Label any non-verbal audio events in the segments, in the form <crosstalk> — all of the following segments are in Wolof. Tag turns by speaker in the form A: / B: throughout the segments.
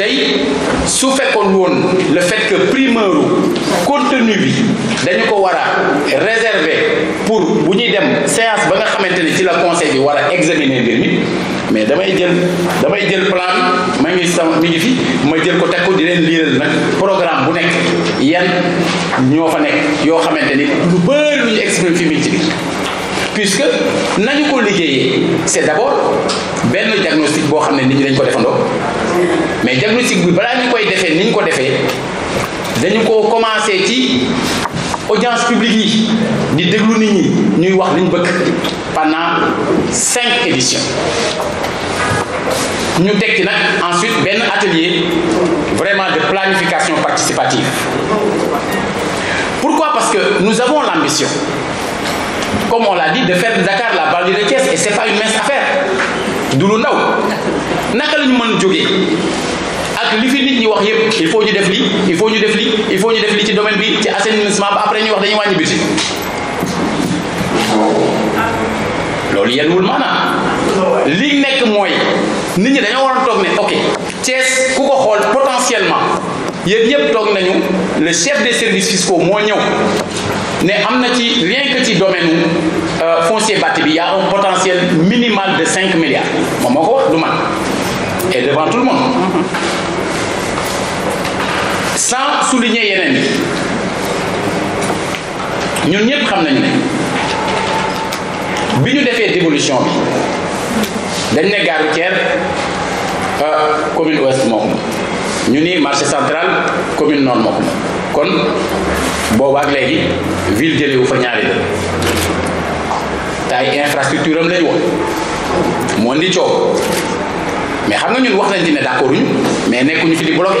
A: tey su fekkoon woon le fait que primeuru contenu bi dañu ko war a réserver pour bu ñuy dem séance ba nga xamante ni ci la conseil bi war a examiner mbir mi mais damay jël damay jël plan bi ma ngi sama mi ngi fi ma jël ko teg ko di leen liiral nag programme bu nekk yan ñoo fa nekk yoo xamante ni lu bëri lu ñu exprimer fi mi ci biir puisque nañu ko liggéeyee c'est d'abord benn diagnostic boo xam ne nit ñi dañ ko defandoo mais diagnostic bi balaa ñu koy defee ni ñu ko defee dañu ko commencé ci audience publique yi di déglu nit ñi ñuy wax pendant cinq éditions Nous teg ci ensuite benn atelier vraiment de planification participative pourquoi parce que nous avons l'ambition comme on l'a dit de faire de Dakar la balle de caisse et n'est pas une mince affaire du lu ndaw naka la ñu mën li fi nit ñi il faut ñu def il faut ñu def il faut ñu def li ci domaine bi ci assainissement ba après ñu wax dañuy li nit ñi ne ok Thiès ku ko potentiellement yéen ñëpp toog nañu le chef des services fiscaux moo ne am ci rien que ci domaine euh, foncier bâti il y a un potentiel minimal de 5 milliards moom et devant tout le monde sans souligner yenen ñun ñëpp xam nañu ne bi ñu dévolution bi dañ né garu gare euh commune ouest moo ñu ni marché central commune nord moo kon moom ak légui ville ville wu fa ñaari dëkk tay ay infrastructure am lañu wax mo indi ciow mais xam nga ñun wax nañ ci ne d'accord uñu mais nekkuñu fi di bloqué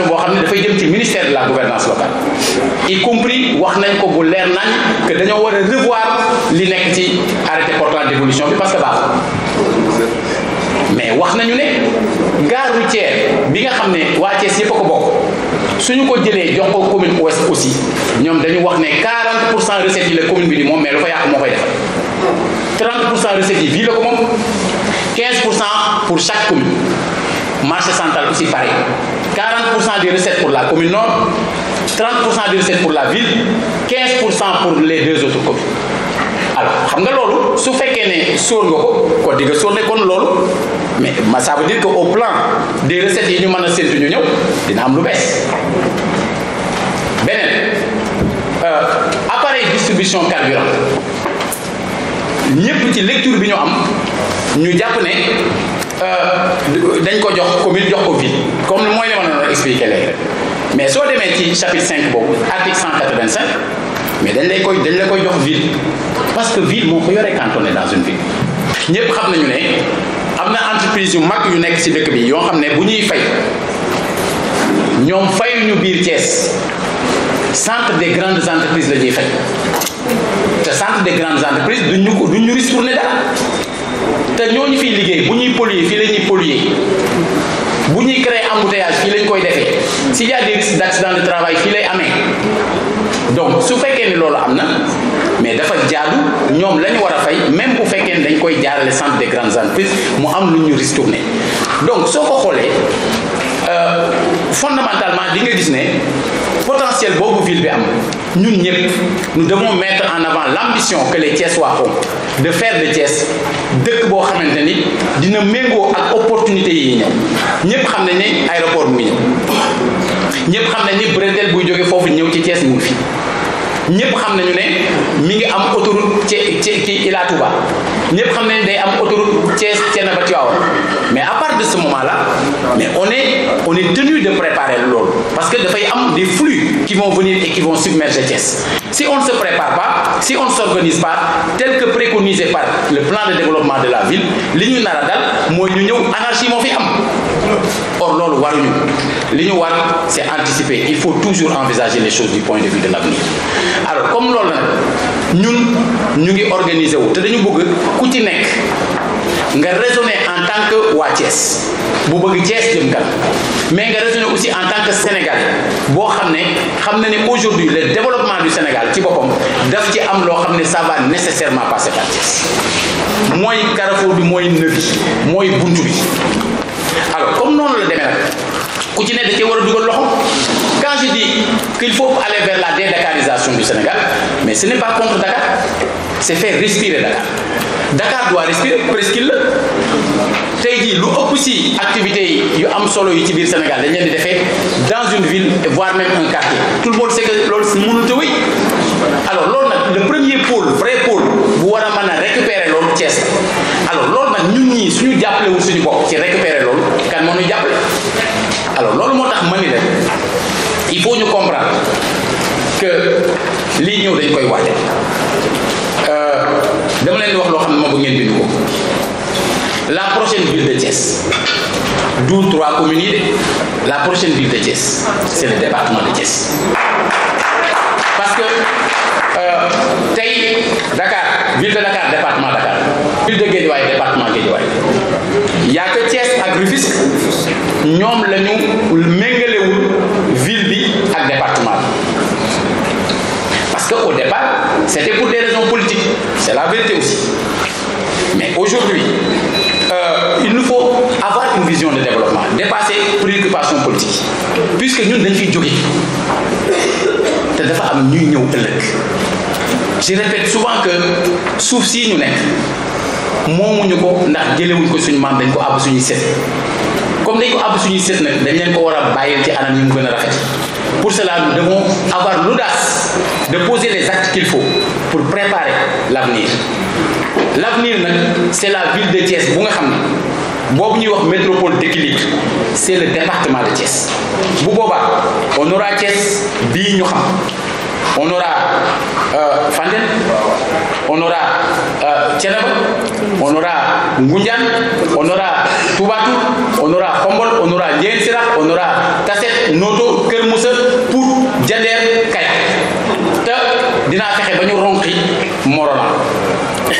A: communication boo xam ne dafay jëm ci ministère de la gouvernance locale y compris wax nañ ko bu leer nañ que dañoo war a revoir li nekk ci arrêté portant dévolution bi parce que baax mais wax nañu ne gare routière bi nga xam ne waa Thiès yëpp a ko bokk suñu ko jëlee jox ko commune ouest aussi ñoom dañu wax ne 40 recettes yi la commune bi di moom mais lu fa yàqu moo koy defal 30 recettes yi bii la ko moom 15 pour chaque commune marché central aussi pareil. 40% des recettes pour la commune nord, 30% des recettes pour la ville, 15% pour les deux autres communes. alors xam nga l'eau, su fekkee ne sóor ko kon di mais ça veut dire qu'au plan des recettes yi ñu avons, a séntu ñu a dina am lu baisse. Euh, appareil distribution carburant Nous ci lecture bi ñu nous ñu euh, dañ ko jox commune jox ko ville comme mooy li ma doon expliqué léegi mais soo demee ci chapitre 5 boobu article 185 mais dañ lay koy dañ la koy jox ville parce que ville moo ko yoree quand dans une ville ñëpp xam nañu ne am na entreprise yu mag yu nekk ci dëkk bi yoo xam ne bu ñuy fay ñoom fayuñu biir Thiès centre des grandes entreprises la ñuy fay te centre des grandes entreprises duñ ñu ko duñ ñu ristourné dara te ñooñu fi liggéey bu ñuy polluer fii la ñuy polluer bu ñuy créer embouteillage fii lañ koy defee si y a des risques d'accident de travail fii lay amee donc su fekkee ni loolu am na mais dafa jaadu ñoom la ñu war a fay même bu fekkee ni dañ koy jaarale centre des grandes entreprises mu am lu ñu ristourné donc soo ko xoolee euh, fondamentalement di nga gis ne potentiel boobu ville bi am ñun ñëpp nous devons mettre en avant l'ambition que les Thiessois ont de faire de Thiès dëkk boo xamante ni dina méngoo ak opportunité yi ñëw ñëpp xam ne ni aéroport mu ngi ñëw ñëpp xam ne ni bretelle buy jóge foofu ñëw ci Thiès mu ngi fi ñëpp xam nañu ne mi ngi am autoroute ci ci Ila Touba ñëpp xam day am autoroute Thiès Thiénaba Tivaouane mais à partir de ce moment là mais on est on est tenu de préparer lool parce que y am des flux qui vont venir et qui vont submerger Thiès si on ne se prépare pas si on ne s'organise pas tel que préconisé par le plan de développement de la ville li ñu nar ñu anarchie fi am Or, l'on L'Union c'est anticiper. Il faut toujours envisager les choses du point de vue de l'avenir. Alors, comme l'on nous, nous organisons, nous voulons nga raisonner en tant que waa vous bu bëgg Thiès mais nous raisonner aussi en tant que Sénégal. vous savez, aujourd'hui le développement du Sénégal ci daf ça va nécessairement passer par Thiès mooy carrefour du mooy moi, je suis buntu bi alors comme nous la dit quand je dis qu'il faut aller vers la dédacalisation du Sénégal mais ce n'est pas contre Dakar c'est faire respirer Dakar Dakar doit respirer presque. qu'il tey jii lu ëpp si activités yi yu am solo yi ci Sénégal dans une ville voire même un quartier tout le monde sait que l'autre monde a alors le premier pôle vrai pôle bu war récupérer leur Thiès alors loolu nous ñun ñii suñu jàppalewul suñu bopp ci comprendre que lii ñëw dañ koy waajal euh, dama wax xam la prochaine ville de Thiès du trois communes la prochaine ville de Thiès c'est le département de Thiès parce que euh, tey Dakar ville de Dakar département Dakar ville de Guédiawaye département il y a que Thiès ak Rufisque ñoom la ñu C'était pour des raisons politiques. C'est la vérité aussi. Mais aujourd'hui, euh, il nous faut avoir une vision de développement, dépasser préoccupations politiques, Puisque nous, nous sommes Je répète souvent que, sauf si nous sommes, ndax jëlewuñ comme nous avons besoin de set nous pour cela, nous devons avoir l'audace de poser les actes qu'il faut pour préparer l'avenir. L'avenir, c'est la ville de Thiès. Vous savez, métropole d'équilibre, c'est le département de Thiès. on aura Thiès, on aura euh, on aura euh, on aura Ngundian, on aura Tubatu, on aura Khombol, on aura Liensira, on aura Tasset, Noto, Kerm ba ñu ronqi morolan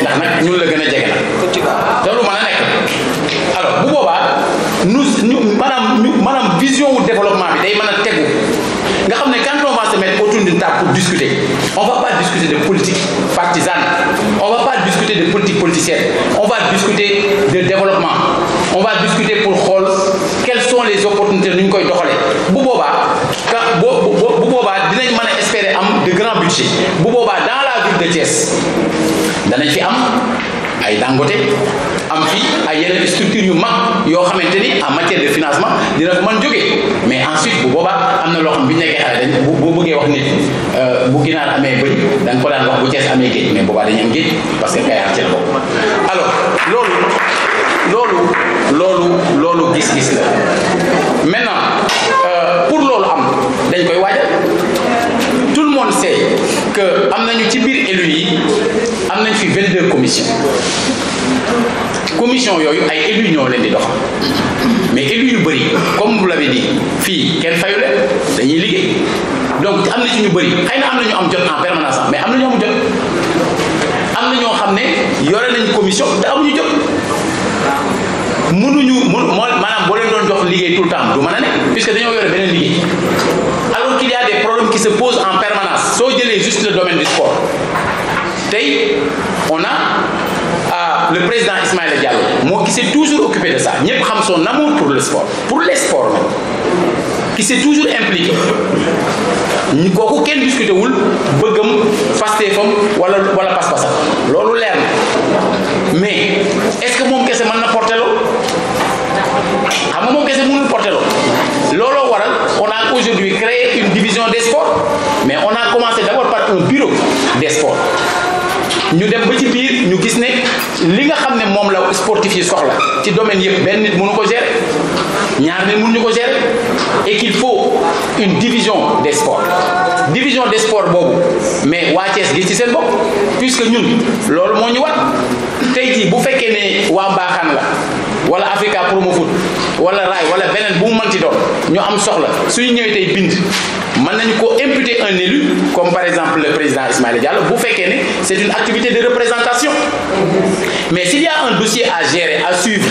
A: ndax nag ñun la gën a jege nag te lu mën a nekk alors bu boobaa nous ñu maanaam ñu maanaam vision wu développement bi day mën a tegu nga xam ne quand on va se mettre autour d'une table pour discuter on va pas discuter de politique partisane on va pas discuter de politique politicienne danañ fi am ay Dangote am fi ay yeneen structure yu mag yoo xamante ni en matière de financement dina ko mën mais ensuite bu boobaa am na xam ñu nekkee dañ bu bëggee wax euh, bu ko daan wax bu mais parce que alors loolu loolu loolu gis-gis puisque dañoo yore beneen liggéey alors qu'il y a des problèmes qui se posent en permanence so jëlee juste le domaine du sport tay on a ah, le président Ismaïla Diallo Moi, qui s'est toujours occupé de ça ñepp xam son amour pour le sport pour les sports même qui s'est toujours impliqué ñi kooku kenn discuté wul fasté fam wala wala pas-pasam lolu leer na mais est-ce que mom kese man na porté lo xam nga moom kese mënul porté lo aujourd'hui créer une division des sports, mais on a commencé d'abord par un bureau des sports. ñu dem ba ci nous ñu gis ne li nga xam ne moom la sportif yi soxla ci domaine yëpp benn nit mënu ko gérer ñaar ko gérer et qu'il faut une division des sports division des sports mais waa Thiès gis ci seen bopp puisque ñun loolu moo ñu wat tey que bu fekkee ne waa là. la wala Africa Promo à wala Rai wala benen bu manti do ñu am soxla suñu ñëwee tay bind man nañu ko imputer un élu comme par exemple le président Ismaïla Diallo bu fekkee né c'est une activité de représentation mais s'il y a un dossier à gérer à suivre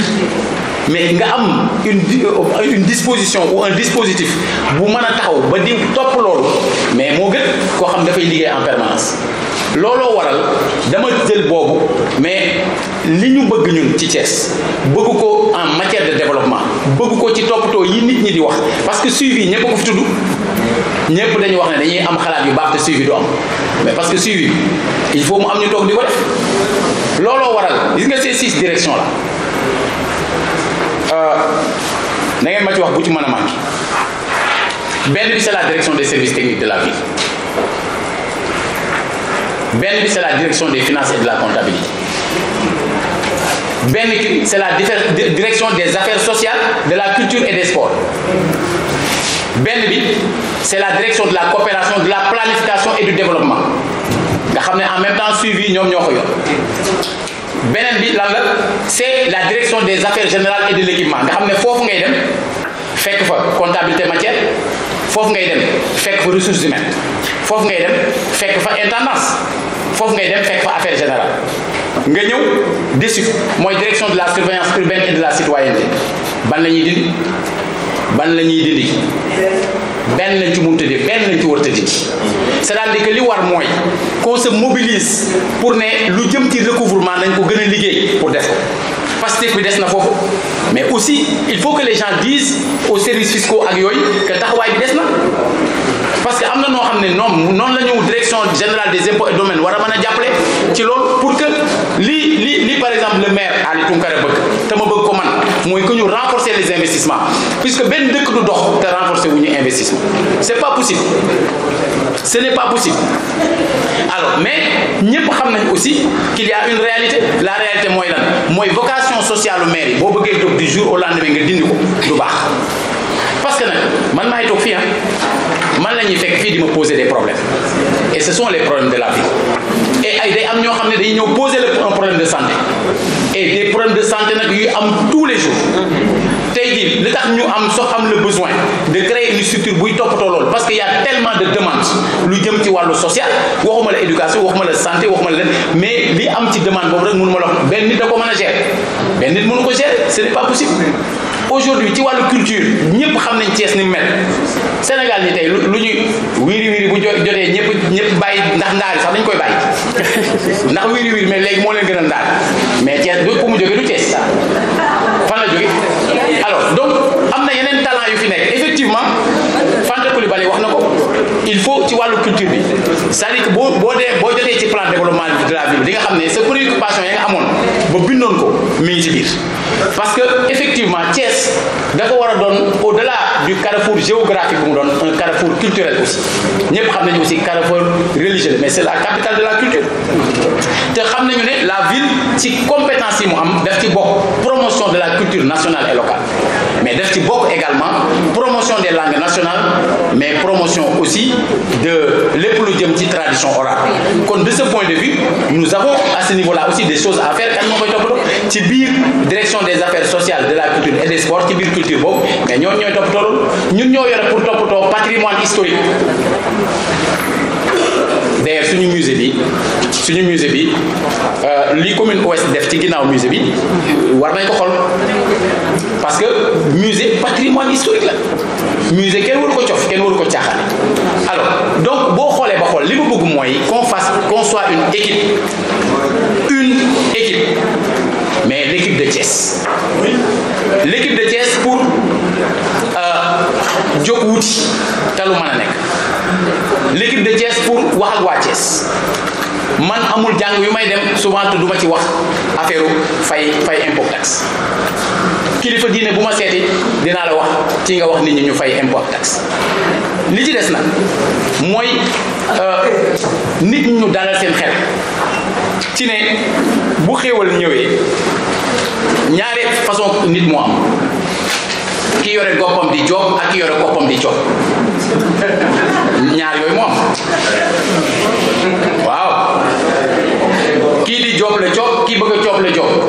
A: mais nga am une euh, une disposition ou un dispositif bu mën taxaw ba di top loolu mais mo ko xam en permanence lolo waral dama jël bobu mais liñu bëgg ñun ci Thiès bëgg ko en matière de développement bëgg ko ci toppatoo yi nit ñi di wax parce que suivi ñepp ko fi tuddu ñepp dañu wax ne dañuy am xalaat yu baax te suivi du am mais parce que suivi il faut mu am ñu tok di ko def looloo waral gis nga ces six directions là euh na ngeen ma ci wax bu ci mën a manqué benn bi c'est la direction des services techniques de la ville ben, c'est la direction des finances et de la comptabilité Ben, c'est la direction des affaires sociales de la culture et des sports Ben c'est la direction de la coopération de la planification et du développement en même temps suivi nous ñoo c'est la direction des affaires générales et de l'équipement Nous avons fait comptabilité matière Faut ngay dem ressources humaines foofu ngay dem fekk fa intendance foofu ngay dem fekk fa affaire générale nga ñëw DSUC mooy direction de la surveillance urbaine et de la citoyenneté ban la ñuy dindi ban la ñuy dindi benn lañ ci mënut a dindi benn lañ ci war c'est-à-dire que li war mooy qu'on se mobilise pour ne lu jëm ci recouvrement nañ ko gën a liggéey pour def ko Pastef bi des na foofu mais aussi il faut que les gens disent aux services fiscaux ak yooyu que taxawaay bi des na parce que nous avons non, non direction générale des impôts et domaines wara mëna mën ci pour que lui, li li par exemple le maire Ali Tounkara bëgg té ma bëgg ko man moy que ñu renforcer les investissements puisque ben dëkk du dox te renforcer les ñu investissement c'est pas possible ce n'est pas possible alors mais ñepp xam nañ aussi qu'il y a une réalité la réalité moy lan moy vocation sociale maire bo bëggee du jour au lendemain nga dindi ko du baax man maay toog fii ah. man la ñuy fekk fii di ma poser des problèmes et ce sont les problèmes de la vie et ay day am ñoo xam ne poser le un problème de santé et des problèmes de santé nous avons am tous les jours tey jii li tax ñu am am le besoin de créer une structure buy toppatoo loolu parce que y a tellement de demandes lu jëm ci wàllu social waxuma la éducation waxuma la santé waxuma la leen mais li am ci demande boobu rek mënu ma la wax benn nit da ko mën a gérer benn nit mënu ko gérer ce n'est pas possible aujourd'hui ci wàllu culture ñëpp xam nañ cees ni mu mel Sénégal ni tey lu ñuy wiiri wiiri bu jotee ñëpp ñëpp bàyyi ndax ndaari sax dañ koy bàyyi <laughs> ndax wiiri wiiri mais léegi moo leen gën a ndaar il faut ci le culture bi c'est-à-dire que bo de dee ci plan développement de la ville li nga xamné ne sa préoccupation ya nga amone ba ko mi ci bir parce que effectivement Thiès dafa war a au-delà du carrefour géographique bu mu don un carrefour culturel aussi ñëpp xam aussi carrefour religieux mais c'est la capitale de la culture te xam la ville ci compétence yi mu am daf ci promotion de la culture nationale et locale mais daf ci bokk également promotion des langues nationales mais promotion aussi de lépp lu jëm ci tradition orale Donc de ce point de vue nous avons à ce niveau là aussi des choses à faire direction des affaires sociales de la culture et des sports ci culture mais nous, ñooy toppatoo ñun pour patrimoine historique d'ailleurs suñu musée bi suñu musée bi euh, li commune ouest def ci ginnaaw musée bi war parce que musée patrimoine historique là. musée kenn waru ko tiof ken waru ko alors donc bo xolé ba xol li ma bëgg moy qu'on fasse qu'on soit une équipe une équipe mais l'équipe de Thiès l'équipe de Thiès pour euh, jóg wuti talu lu nek l'équipe de Thiès pour wax ak wa Thiès man amul jang yu may dem souvent te ci wax affaire fay fay impôt kilifa diine bu ma seeti dinaa la wax ci nga wax nit ñu fay impôt li ci des na mooy euh, nit ñu dalal seen xel ci ne bu xéewal ñëwee ñaari façon nit moo am ki yore goppam di joob ak ki yore goppam di joob ñaar yooyu moo am waaw kii di joob la joob kii bëgg a joob la joob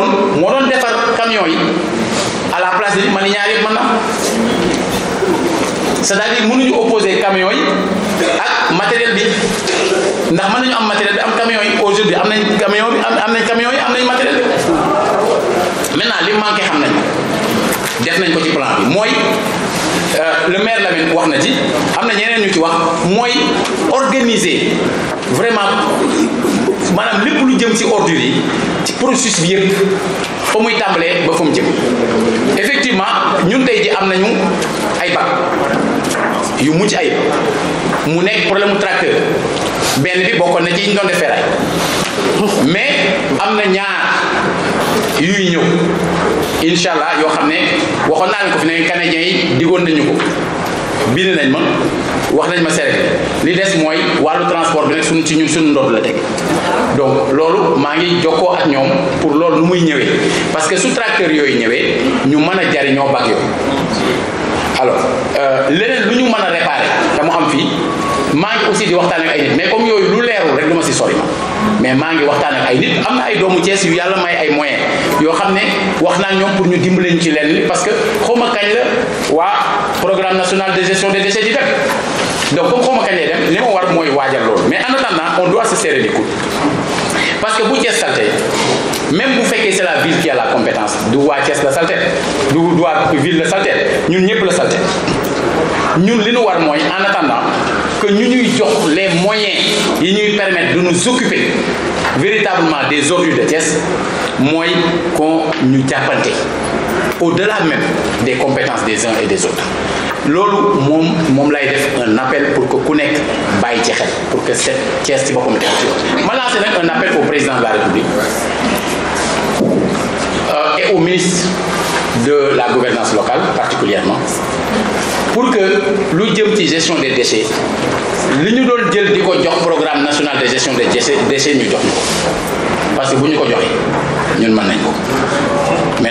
A: woon moo doon defar camion yi à la place bi man ñaar yëpp mën na c'est-à-dire mënuñu opposer camion yi ak matériel bi ndax mën nañu am matériel bi am camion yi aujourd'hui am nañ camion bi am nañ camion yi am nañ matériel bi maintenant li manqué xam nañ def nañ ko ci plan bi mooy euh, le maire Lamine wax na ci am na ñeneen ñu ci wax mooy organiser vraiment maanaam lépp lu jëm ci ordure yi ci processus bi yëpp fa muy tàmbalee ba fa mu jëm effectivement ñun tey ji am nañu ay bac yu mucc ay mu nekk problème mu tracteur benn bi bokkoon na ci ñu doon def ferraille mais am na ñaar yuy ñëw incha allah yoo xam ne waxoon naa ne ko fi ne canadiens yi digoon nañu ko bind nañ ma wax nañ ma serek li dess moy walu transport bi nag suñu ci ñun suñu ndodd la tek donc lolu ma ngi joko ak ñom pour lolu nu muy ñëwee parce que su tracteur yoy ñëwee ñu mën a jariñoo bag yooyu alors euh, leneen lu ñu mën réparer da mu am fi ma ngi aussi di waxtaan ak ay nit mais comme yoy lu leerul rek du ci sori ma mais ma ngi waxtaan ak ay nit am na ay doomu ciess yu yàlla may ay moyens yoo xam ne wax naa ñoom pour ñu dimbali ñu ci lenn parce que xaw ma kañ la waa programme national de gestion des déchets du peuple. donc comme xawma kañ lay dem li ma war mooy mais en attendant on doit se serrer les coudes parce que bu Thiès salté même bu que c'est la ville qui a la compétence du waa Thiès la vous du la ville la salte ñun ñëpp la salte ñun nous ñu war mooy en attendant que nous nous jox les moyens yi nous permettent de nous occuper véritablement des ordures de Thiès mooy qu'on ñu jàppante au-delà même des compétences des uns et des autres loolu mon, moom lay un appel pour que ku Baye pour que cette pièce ci boppam Voilà, un appel au président de la République euh, et au ministre de la gouvernance locale particulièrement pour que lu gestion des déchets li ñu doon jël programme national de gestion des déchets déchets ñu parce que vous ñu ko Nous ñun maintenant. mais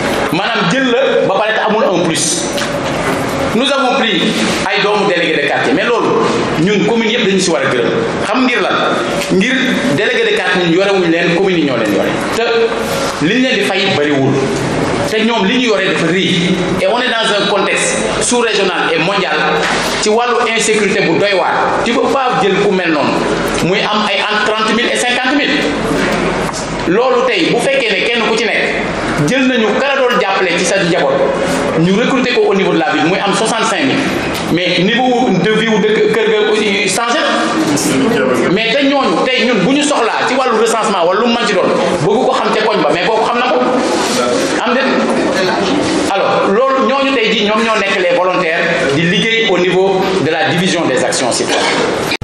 A: maanaam jël la ba pare amul un plus nous avons pris ay doomu délégué de quartier mais loolu ñun commune yëpp dañu de war gërëm xam ngir lan ngir délégué de quartier ñun yorewuñ leen commune ñoo leen yore te liñ leen di fay bariwul te ñoom li ñu yore dafa rëy et on est dans un contexte sous-régional et mondial ci wàllu insécurité bu doy waar tu peux pas jël ku mel noonu muy am ay entre trente mille et cinquante mille loolu tey bu fekkee ne kenn ku ci nekk jël nañu kala jàppale ci sa njaboot ñu recruter ko au niveau de la ville moy am 65000 mais niveau de vie de kër ga aussi changé mais tay ñooñu tay ñun buñu soxla ci walu recensement walu man ci doon bëgg ko xam te koñ ba mais kooku xam na ko am de alors lool ñooñu tay ji ñom ñoo nekk les volontaires di liggéey au niveau de la division des actions citoyennes